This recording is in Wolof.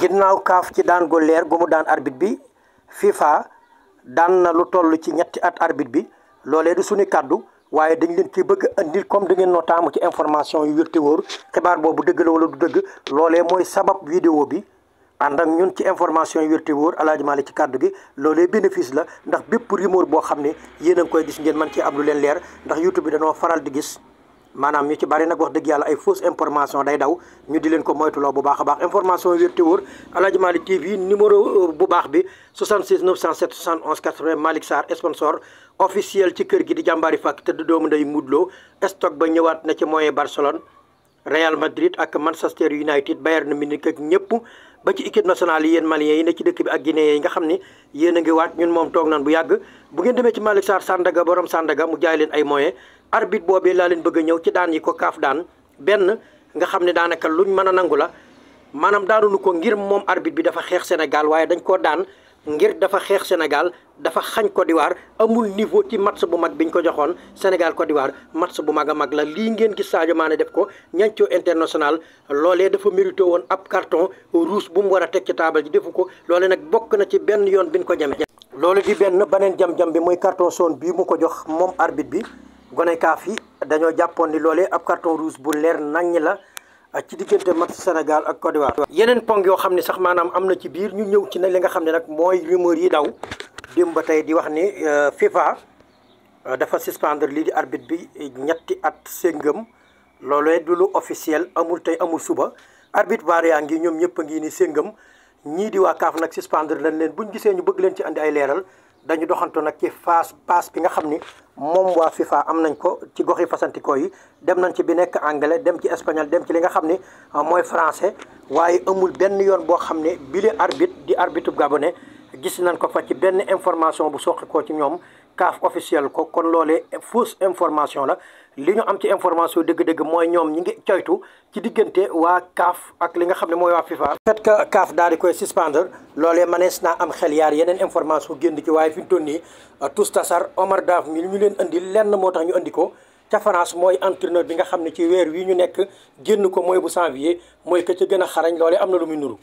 ginnaaw kaaf ci daan gu leer gu mu daan arbitre bi FIFA daan na lu toll ci ñetti at arbitre bi loolee du suñu kàddu waaye dañ leen ci bëgg andil comme da ngeen noo taamu ci information yu wér te wóor xibaar boobu dëgg la wala du dëgg loolee mooy sabab vidéo bi ànd ak ñun ci information yu wér te wóor Aladji Malick ci kàddu gi loolee bénéfice la ndax bépp rumeur boo xam ne yéen a koy gis ngeen man ci am lu leen leer ndax YouTube bi dañoo faral di gis maanaam ñu ci bari nag wax dëgg yàlla ay fausse information day daw ñu di leen ko moytuloo bu baax a baax information wér te wóor Aladji Malick TV numéro euh, bu baax bi 66 907 71 80 Malick Sarr sponsor officiel ci kër gi di jàmbaari fàkk te du doomu nday mudloo stock ba ñëwaat na ci moyen Barcelone Real Madrid ak Manchester United Bayern Munich ak ñëpp ba ci équipe nationale yi yéen maliens yi ne ci dëkk bi ak guinéens yi nga xam ne yéen a ngi waat ñun moom toog nan bu yàgg bu ngeen demee ci Malick Sarr Sandaga borom Sandaga mu jaay leen ay arbitre boobee laa leen bëgg a ñëw ci daan yi ko kaaf daan benn nga xam ne daanaka luñ mën a nangu la maanaam daanuñu ko ngir moom arbitre bi dafa xeex Sénégal waaye dañ koo daan ngir dafa xeex Sénégal dafa xañ Côte d'Ivoire amul niveau ci match bu mag biñ ko joxoon Sénégal Côte d'Ivoire match bu mag a mag la lii ngeen gis Sadio maane def ko ñancoo international loolee dafa mérité woon ab carton rouge bu mu war a teg ci taabal ji defu ko loolee nag bokk na ci benn yoon biñ ko jamee loolu di benn beneen jam-jam bi muy carton jaune bii mu ko jox moom arbitre bi gone kaaf yi dañoo jàppoon ni loole ab carton rouge bu leer naññ la ah, ci diggante match Sénégal ak Côte d'Ivoire. yeneen ponk yoo xam ne sax maanaam am na ci biir ñu ñëw ci nag li nga xam ne nag mooy rumeur yi daw démb ba tey di wax ni euh, FIFA euh, dafa suspendre lii di arbitre bi ñetti at séngam loolee du lu officiel amul tey amul suba arbit VAR yaa ngi ñoom ñëpp a ngi ni séngam ñii di waa kaaf nag suspendre lañ leen buñ gisee ñu bëgg leen ci andi ay leeral. dañu doxantu nag ci fas pass bi nga xam ni moom waa FIFA am nañ ko ci gox yi fasantikoo yi dem nañ ci bi nekk anglais dem ci espagnol dem ci li nga xam ni ah, mooy français waaye amul benn yoon boo xam ne bile arbitre di arbitre gabone gis nañ ko fa ci benn information bu soqikoo ci ñoom CAF officiel ko kon loolee fausse information la li ñu am ci information dëgg dégg mooy ñoom ñi ngi coytu ci diggante waa CAF ak li nga xam ne mooy waa FIFA. fait que CAF daal di koy suspendre loolee manees naa am xel yaar yeneen information génn ci waaye fi ñu nii euh, tous tasar Omar Daf mi ñu leen andi lenn moo tax ñu andi ko. ca France mooy entraîneur bi nga xam ne ci weer wi ñu nekk génn ko mooy bu janvier mooy que ca gën a xarañ loole am na lu muy nuru.